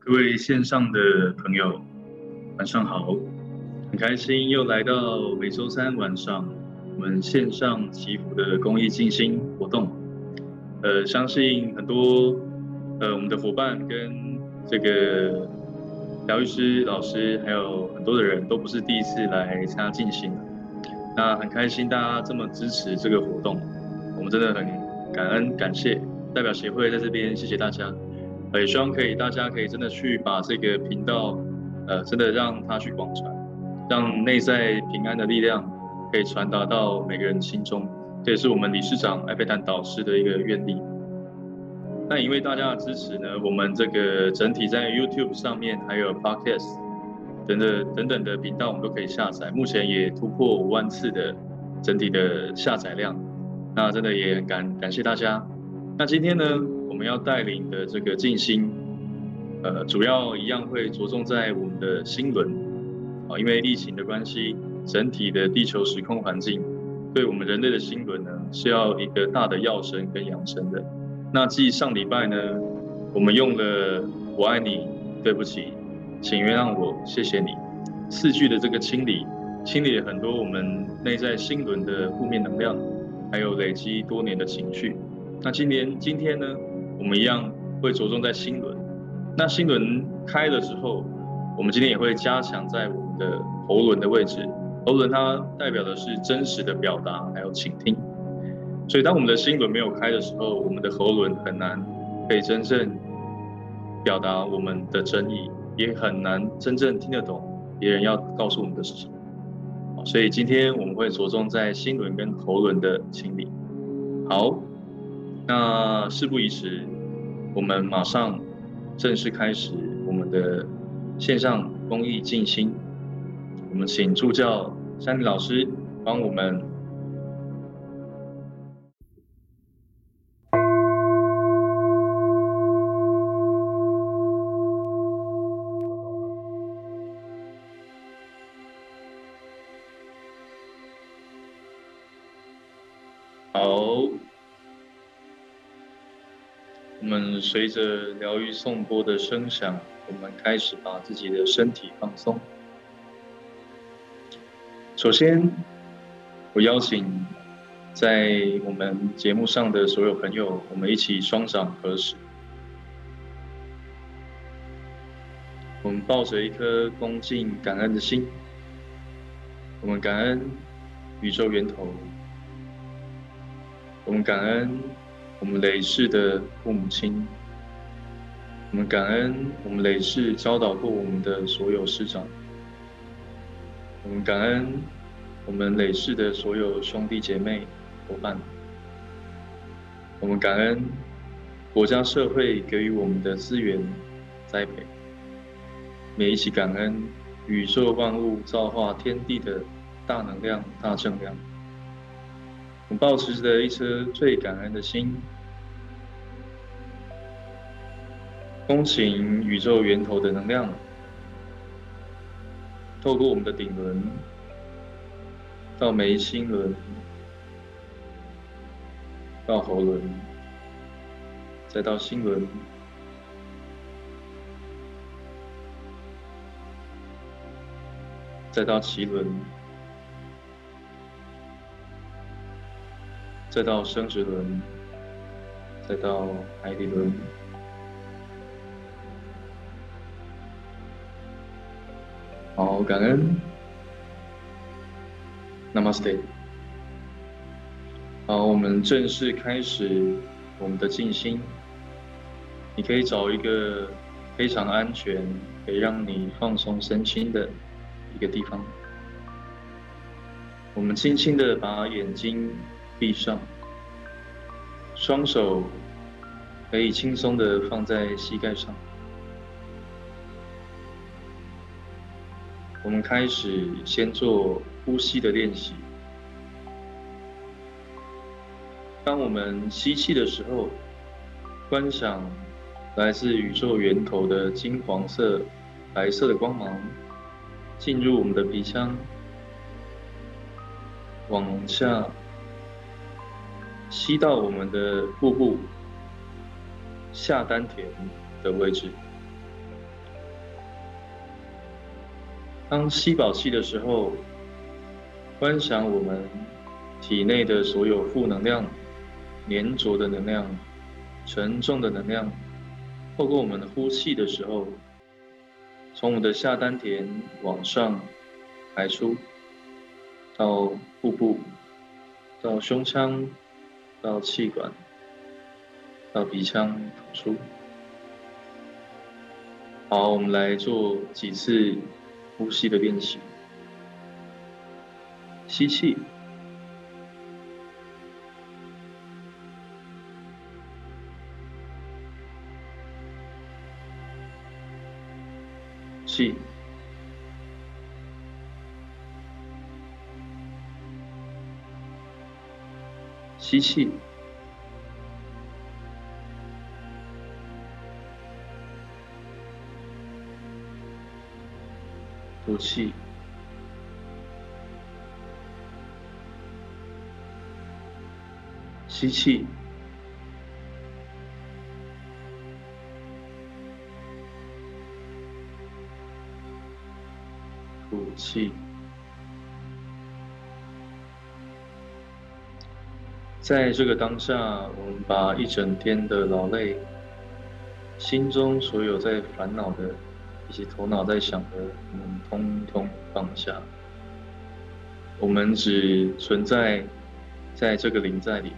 各位線上的朋友，晚上好！很開心又來到每周三晚上，我們線上祈福的公益靜心活動。呃，相信很多呃我們的夥伴跟這個療癒師老師，還有很多的人都不是第一次來參加靜心，那很開心大家這麼支持這個活動，我們真的很感恩感謝，代表協會在這邊謝謝大家。也希望可以，大家可以真的去把這個頻道，呃，真的讓他去廣傳，讓內在平安的力量可以傳達到每個人心中，這也是我們理事長艾菲坦導師的一個願力。那因為大家的支持呢，我們這個整體在 YouTube 上面，還有 Podcast 等等等等的頻道，我們都可以下載。目前也突破五萬次的整體的下載量，那真的也很感感謝大家。那今天呢，我們要帶領的這個靜心，呃，主要一樣會着重在我們的心輪啊，因為疫情的關係，整體的地球時空環境，對我們人類的心輪呢是要一個大的藥神跟養生的。那繼上禮拜呢，我們用了“我愛你”、“對不起”、“請原諒我”、“謝謝你”四句的這個清理，清理了很多我們內在心輪的負面能量，還有累積多年的情緒。那今年今天呢？我們一樣會着重在心輪，那心輪開了之後，我們今天也會加強在我們的喉輪的位置。喉輪它代表的是真實的表達，還有傾聽。所以當我們的心輪沒有開的時候，我們的喉輪很難可以真正表達我們的真意，也很難真正聽得懂別人要告訴我們的是什麼。所以今天我們會着重在心輪跟喉輪的清理。好。那事不宜遲，我們馬上正式開始我們的線上公益靜心。我們請助教珊迪老師幫我們。隨着療癒頌缽的聲響，我們開始把自己的身體放鬆。首先，我邀請在我們節目上的所有朋友，我們一起雙掌合十。我們抱着一顆恭敬、感恩的心。我們感恩宇宙源頭。我們感恩，我們累世的父母親，我們感恩我們累世教導過我們的所有師長，我們感恩我們累世的所有兄弟姐妹夥伴，我們感恩國家社會給予我們的資源栽培，每一起感恩宇宙萬物造化天地的大能量、大正量。我們抱持着一顆最感恩的心，恭請宇宙源頭的能量，透過我們的頂輪，到眉心輪，到喉輪，再到心輪，再到臍輪。再到生殖輪，再到海底輪。好，感恩，Namaste。好，我們正式開始我們的靜心。你可以找一個非常安全、可以讓你放鬆身心的一個地方。我們輕輕的把眼睛。閉上，雙手可以輕鬆的放在膝蓋上。我們開始先做呼吸的練習。當我們吸氣的時候，觀想來自宇宙源頭的金黃色、白色的光芒進入我們的鼻腔，往下。吸到我們的腹部，下丹田的位置。當吸飽氣的時候，觀想我們體內的所有負能量、粘着的能量、沉重的能量，透過我們的呼氣的時候，從我們的下丹田往上排出，到腹部，到胸腔。到氣管，到鼻腔吐出。好，我們來做幾次呼吸的練習。吸氣，氣。吸氣，吐氣，吸氣，吐氣。在這個當下，我們把一整天的勞累、心中所有在煩惱的以及頭腦在想的，我們通通放下。我們只存在在這個靈在裡，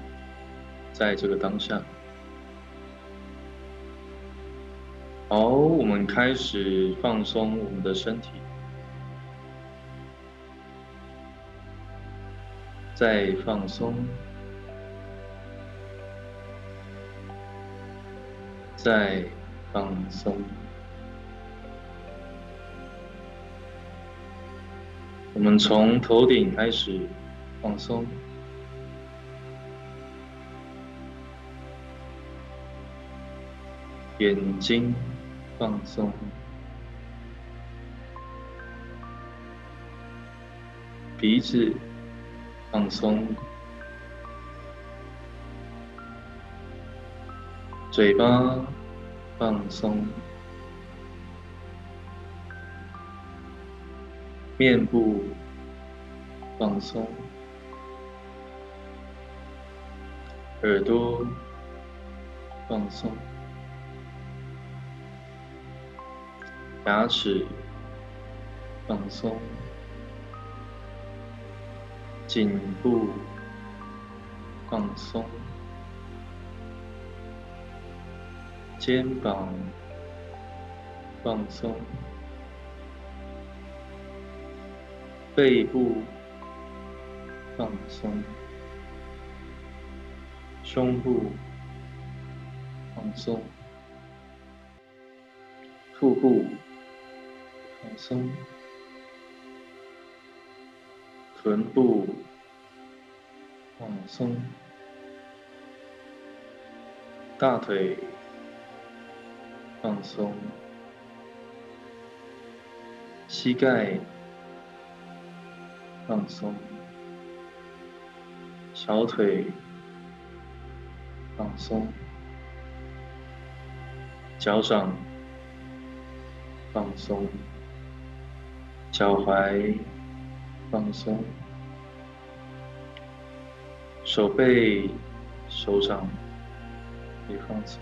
在這個當下。好，我們開始放鬆我們的身體，再放鬆。再放鬆。我們從頭頂開始放鬆，眼睛放鬆，鼻子放鬆。嘴巴放鬆，面部放鬆，耳朵放鬆，牙齒放鬆，頸部放鬆。肩膀放鬆，背部放鬆，胸部放鬆，腹部放鬆，臀部放鬆，大腿，放鬆，膝蓋放鬆，小腿放鬆，腳掌放鬆，腳踝放鬆，手背、手掌也放鬆。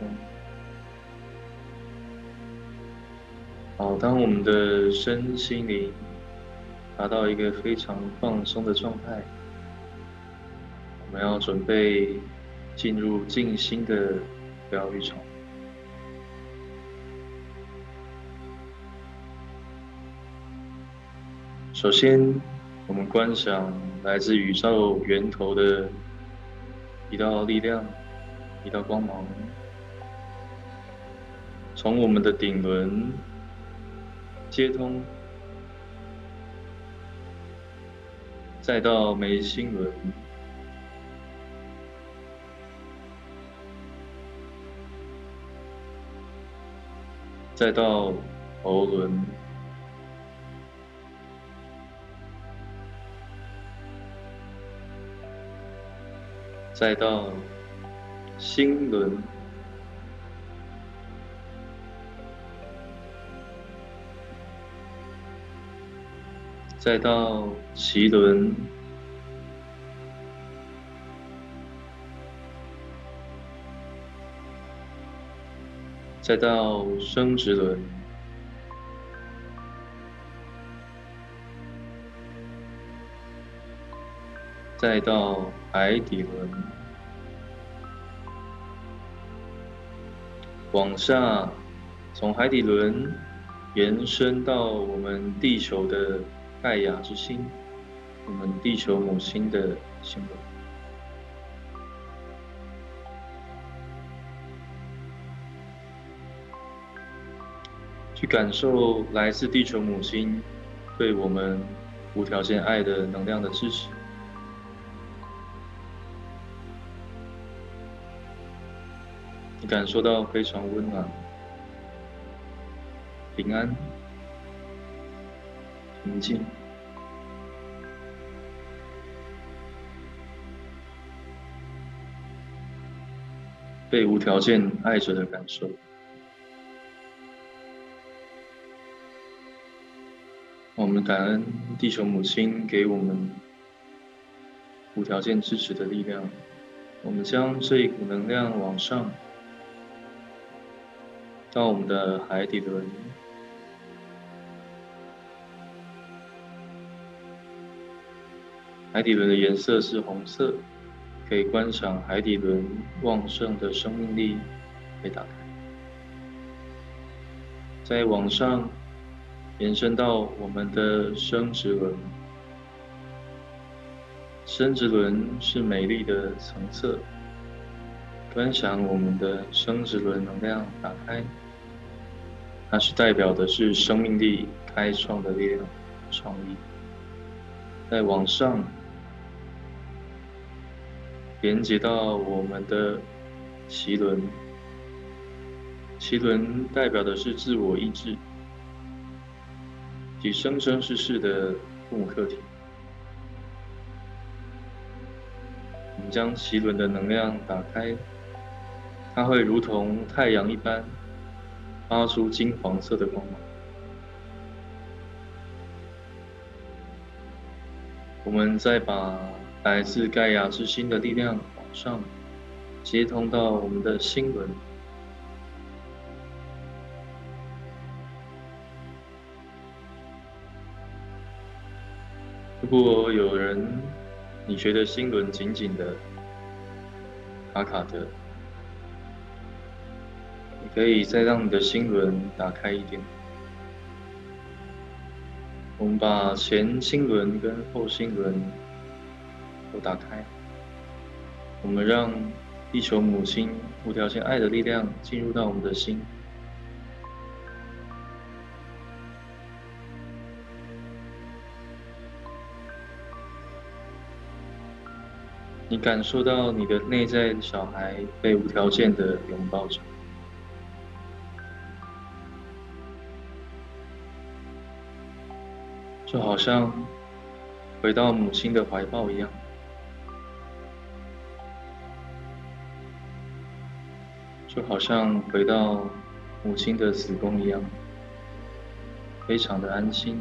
好，當我們的身心靈達到一個非常放鬆的狀態，我們要準備進入靜心的療癒場。首先，我們觀想來自宇宙源頭的一道力量、一道光芒，從我們的頂輪。接通，再到眉心輪，再到喉輪，再到心輪。再到臍輪，再到生殖輪，再到海底輪，往下，從海底輪延伸到我們地球的。蓋亞之心，我們地球母親的心，去感受來自地球母親對我們無條件愛的能量的支持，你感受到非常溫暖、平安。平靜，被無條件愛着的感受。我們感恩地球母親給我們無條件支持的力量。我們將這一股能量往上，到我們的海底輪。海底輪的顏色是紅色，可以觀賞海底輪旺盛的生命力被打開。再往上延伸到我們的生殖輪，生殖輪是美麗的橙色，觀賞我們的生殖輪能量打開，它是代表的是生命力開創的力量、創意。再往上。連接到我們的臍輪，臍輪代表的是自我意志及生生世世的父母課題。我們將臍輪的能量打開，它會如同太陽一般發出金黃色的光芒。我們再把。來自蓋亞之心的力量往上接通到我們的心輪。如果有人你覺得心輪緊緊的、卡卡的，你可以再讓你的心輪打開一點。我們把前心輪跟後心輪，都打開，我們讓地球母親無條件愛的力量進入到我們的心。你感受到你的內在小孩被無條件的擁抱着，就好像回到母親的懷抱一樣。就好像回到母親的子宮一樣，非常的安心、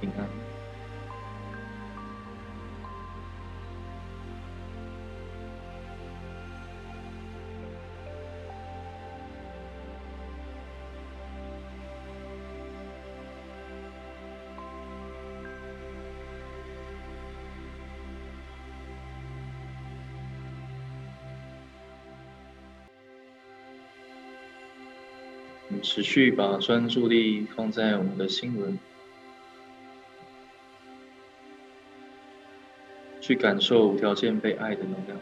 平安。持續把專注力放在我們的心輪，去感受無條件被愛的能量。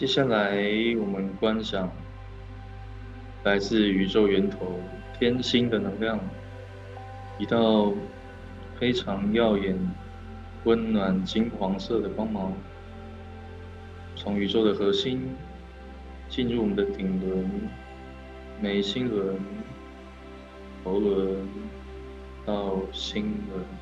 接下來，我們觀想來自宇宙源頭天星的能量，一道非常耀眼、溫暖金黃色的光芒，從宇宙的核心進入我們的頂輪、眉心輪、喉輪到心輪。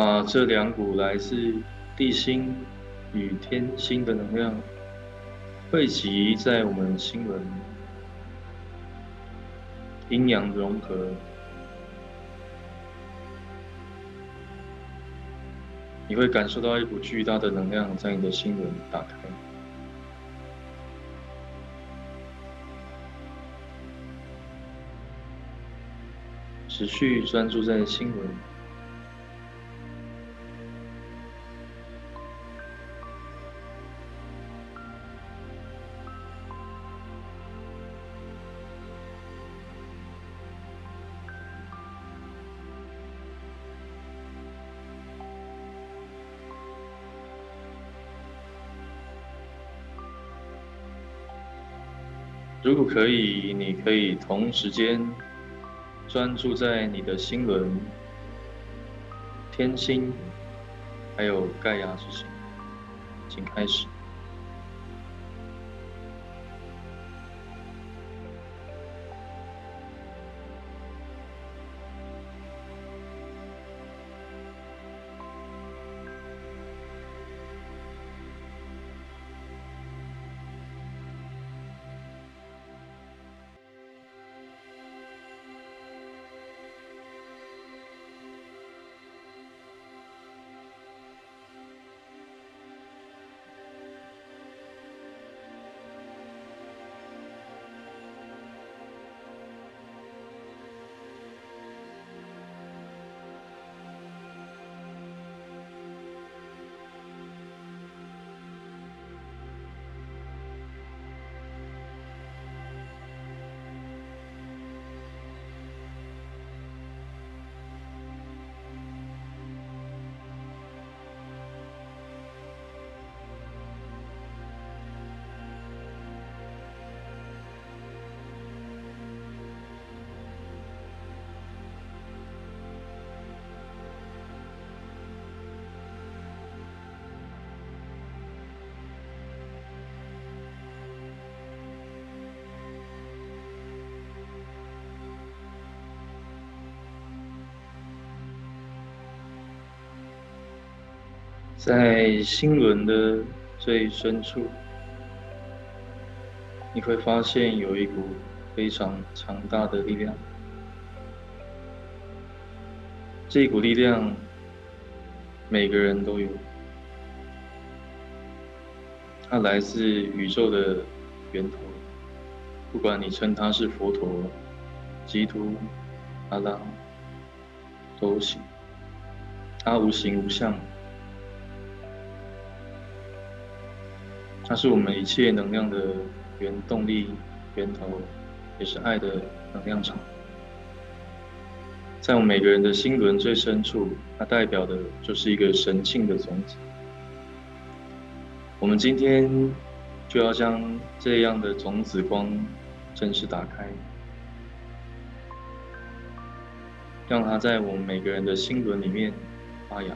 把這兩股來自地心與天心的能量匯集在我們心輪，陰陽融合，你會感受到一股巨大的能量在你的心輪打開，持續專注在心輪。可以，你可以同時間專注在你的心輪、天心，還有蓋亞之心，請開始。在心輪的最深處，你會發現有一股非常強大的力量。這股力量，每個人都有，它來自宇宙的源頭。不管你稱它是佛陀、基督、阿拉，都行。它無形無相。它是我們一切能量的原動力、源頭，也是愛的能量場。在我們每個人的心輪最深處，它代表的就是一個神性的種子。我們今天就要將這樣的種子光正式打開，讓它在我們每個人的心輪裡面發芽。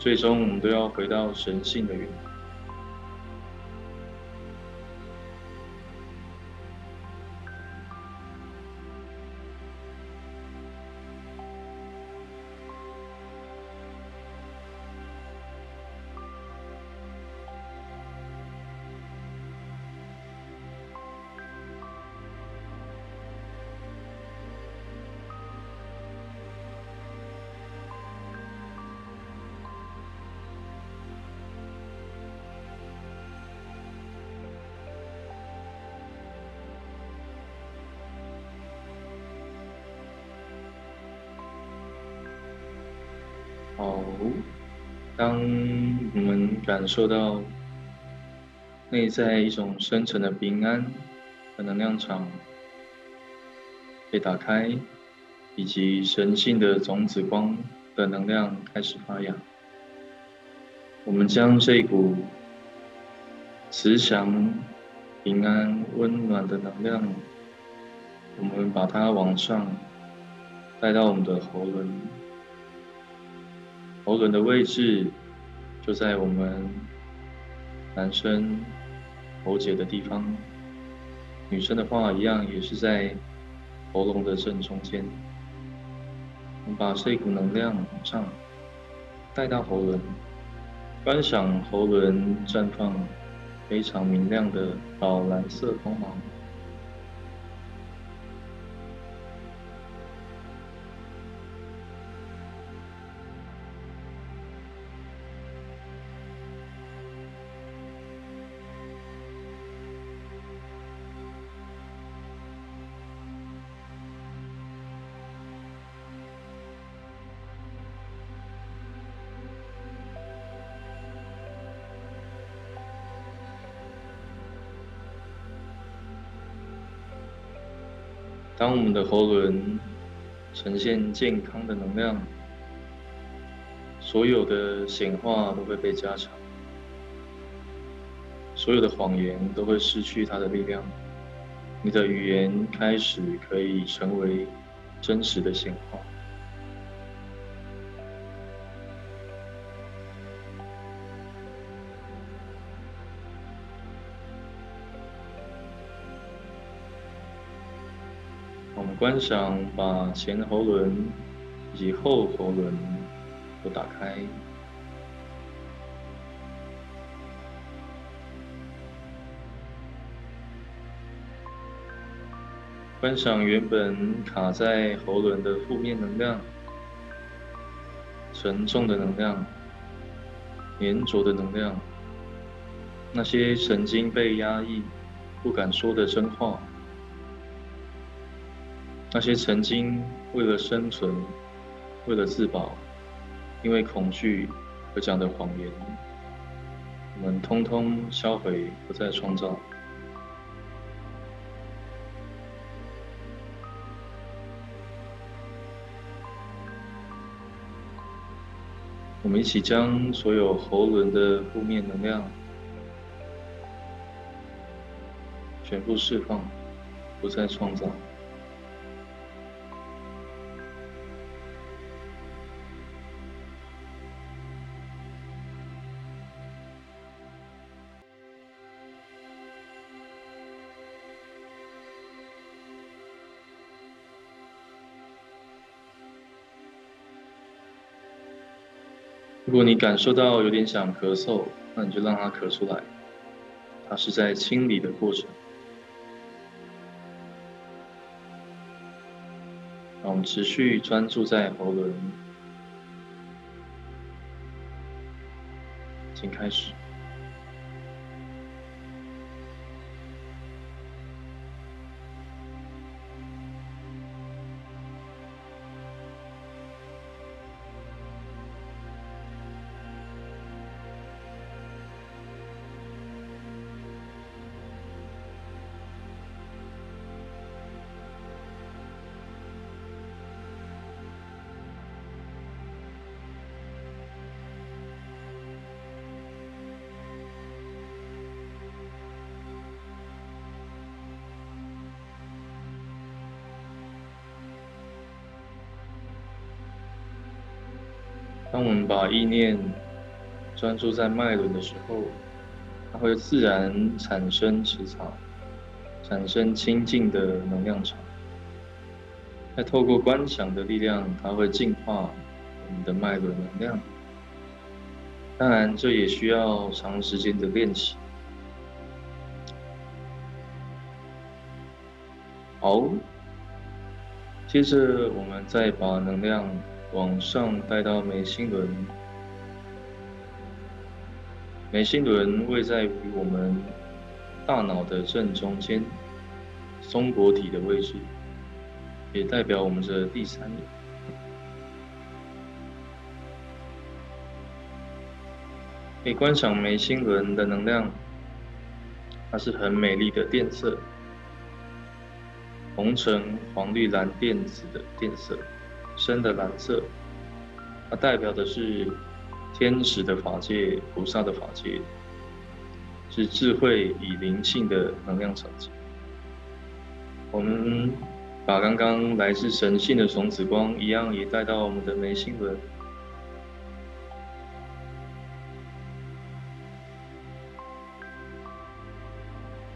最終，我們都要回到神性的源頭。感受到內在一種深沉的平安的能量場被打開，以及神性的種子光的能量開始發芽。我們將這一股慈祥、平安、溫暖的能量，我們把它往上帶到我們的喉輪，喉輪的位置，就在我們男生喉結的地方，女生的話一樣，也是在喉嚨的正中間。我們把這一股能量往上帶到喉輪，觀想喉輪綻放非常明亮的寶藍色光芒。當我們的喉輪呈現健康的能量，所有的顯化都會被加強，所有的謊言都會失去它的力量，你的語言開始可以成為真實的顯化。觀想，把前喉輪，以及後喉輪都打開。觀想原本卡在喉輪的負面能量、沉重的能量、粘着的能量，那些曾經被壓抑、不敢說的真話。那些曾經為了生存、為了自保、因為恐懼而講的謊言，我們通通銷毀，不再創造。我們一起將所有喉輪的負面能量全部釋放，不再創造。如果你感受到有點想咳嗽，那你就讓它咳出來，它是在清理的過程。那我們持續專注在喉輪，請開始。當我們把意念專注在脈輪的時候，它會自然產生磁場，產生清淨的能量場。再透過觀想的力量，它會淨化我們的脈輪能量。當然，這也需要長時間的練習。好，接着我們再把能量。往上帶到眉心輪，眉心輪位在於我們大腦的正中間，松果體的位置，也代表我們的第三眼。可以觀賞眉心輪的能量，它是很美麗的靛色，紅橙黃綠藍靛紫的靛色。深的藍色，它代表的是天使的法界、菩薩的法界，是智慧與靈性的能量層級。我們把剛剛來自神性的種子光一樣，也帶到我們的眉心輪。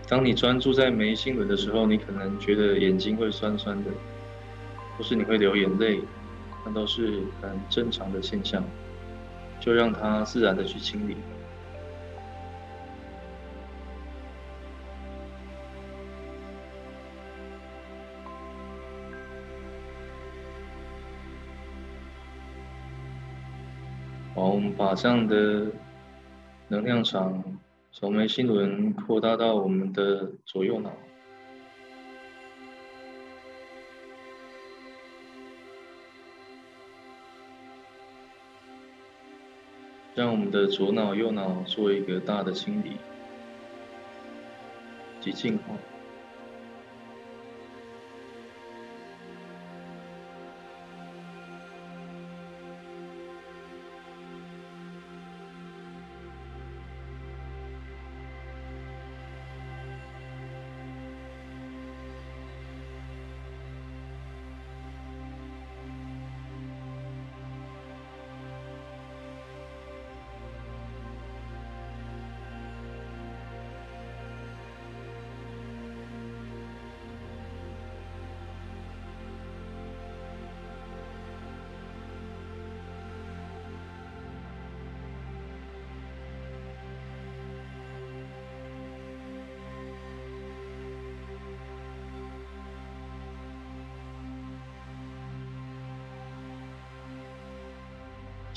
當你專注在眉心輪的時候，你可能覺得眼睛會酸酸的。或是你會流眼淚，那都是很正常的現象，就讓它自然的去清理。好， 我們把這樣的能量場從眉心輪擴大到我們的左右腦。讓我們的左腦、右腦做一個大的清理及淨化。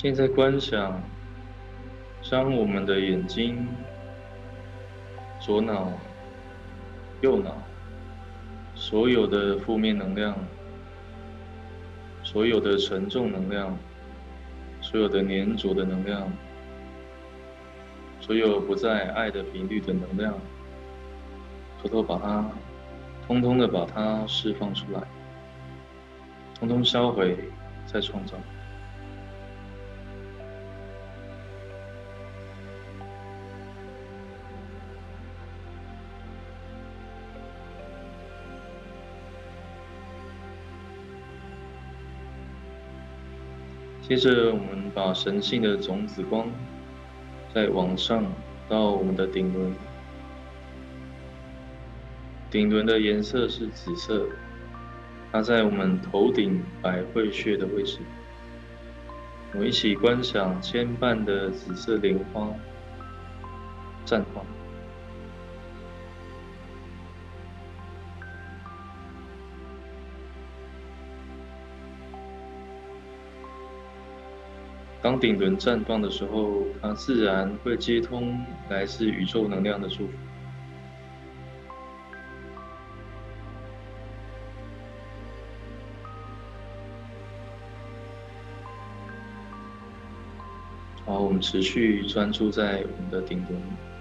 現在觀想，將我們的眼睛、左腦、右腦，所有的負面能量、所有的沉重能量、所有的粘着的能量、所有不在愛的頻率的能量，偷偷把它，通通的把它釋放出來，通通銷毀，再創造。接着，我們把神性的種子光，再往上到我們的頂輪。頂輪的顏色是紫色，它在我們頭頂百會穴的位置。我們一起觀想千瓣的紫色蓮花綻放。當頂輪綻放的時候，它自然會接通來自宇宙能量的祝福。好，我們持續專注在我們的頂輪。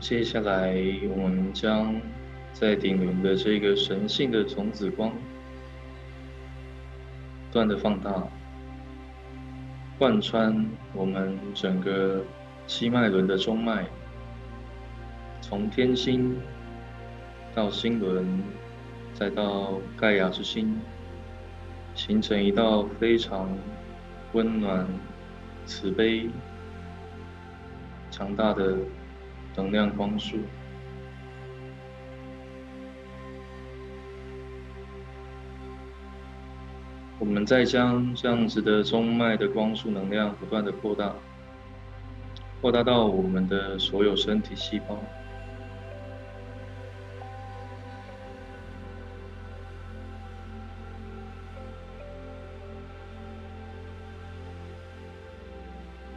接下來，我們將在頂輪的這個神性的種子光不斷的放大，貫穿我們整個七脈輪的中脈，從天心到心輪，再到蓋亞之心，形成一道非常溫暖、慈悲、強大的。能量光束，我們再將這樣子的中脈的光束能量不斷的擴大，擴大到我們的所有身體細胞，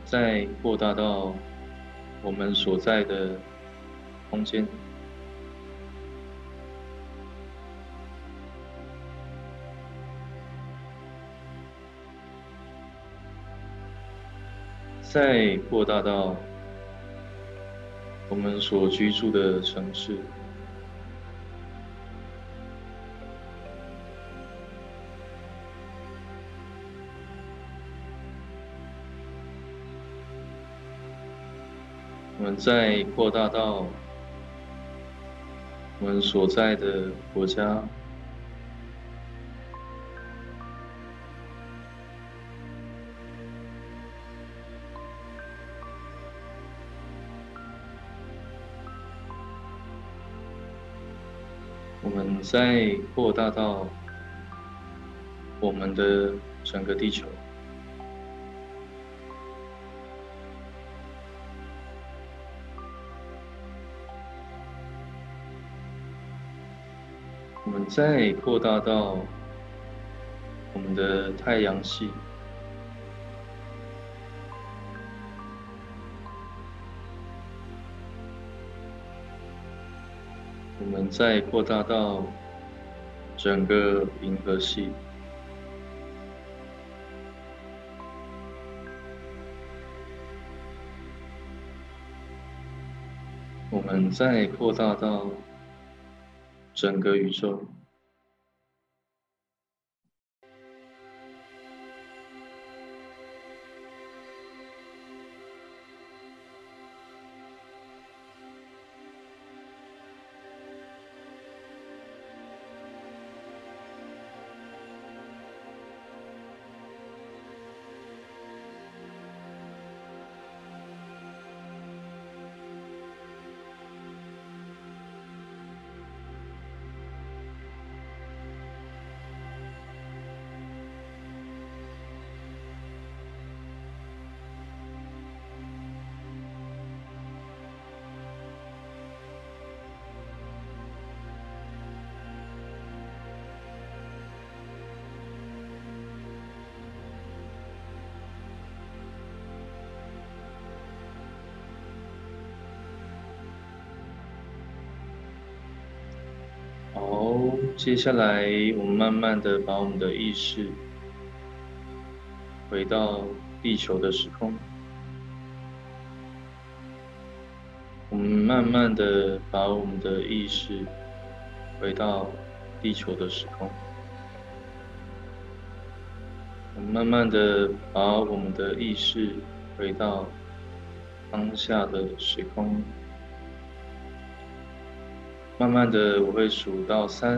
再擴大到。我們所在的空間，再擴大到我們所居住的城市。再擴大到我們所在的國家，我們再擴大到我們的整個地球。再擴大到我們的太陽系，我們再擴大到整個銀河系，我們再擴大到整個宇宙。接下來，我們慢慢的把我們的意識回到地球的時空。我們慢慢的把我們的意識回到地球的時空。我，我們慢慢的把我們的意識回到當下的時空。慢慢的，我會數到三，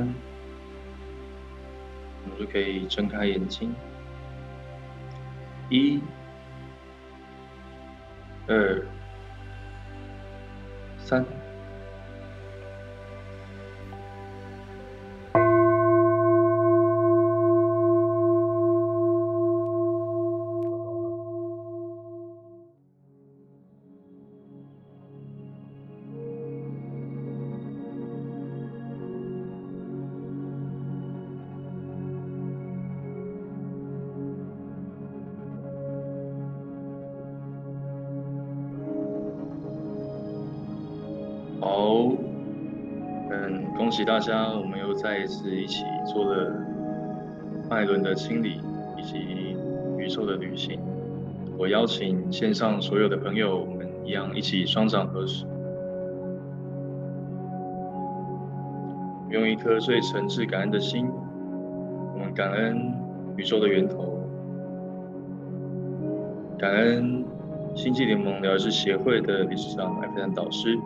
我們就可以睜開眼睛。一、二、三。大家，我們又再一次一起做了脈輪的清理以及宇宙的旅行。我邀請線上所有的朋友們一樣，一起雙掌合十，用一顆最誠摯感恩的心，我們感恩宇宙的源頭，感恩星際聯盟療癒師協會的理事長艾菲坦導師，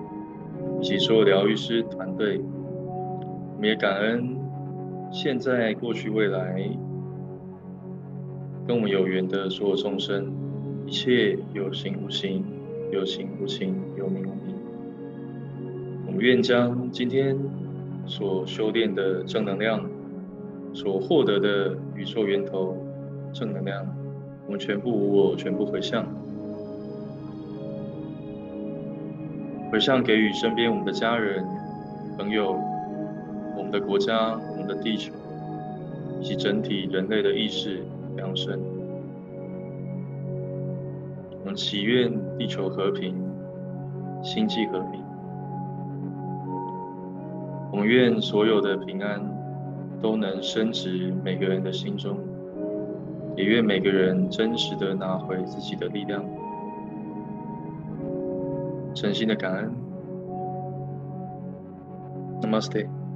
以及所有療癒師團隊。我們也感恩現在、過去、未來，跟我們有緣的所有眾生，一切有形無形、有形無形，有名無名。我們願將今天所修煉的正能量，所獲得的宇宙源頭正能量，我們全部無我，全部回向，回向給予身邊我們的家人、朋友，我們的國家、我們的地球以及整體人類的意識揚升。我們祈願地球和平、星際和平。我們願所有的平安都能深植每個人的心中，也願每個人真實的拿回自己的力量，誠心的感恩。Namaste。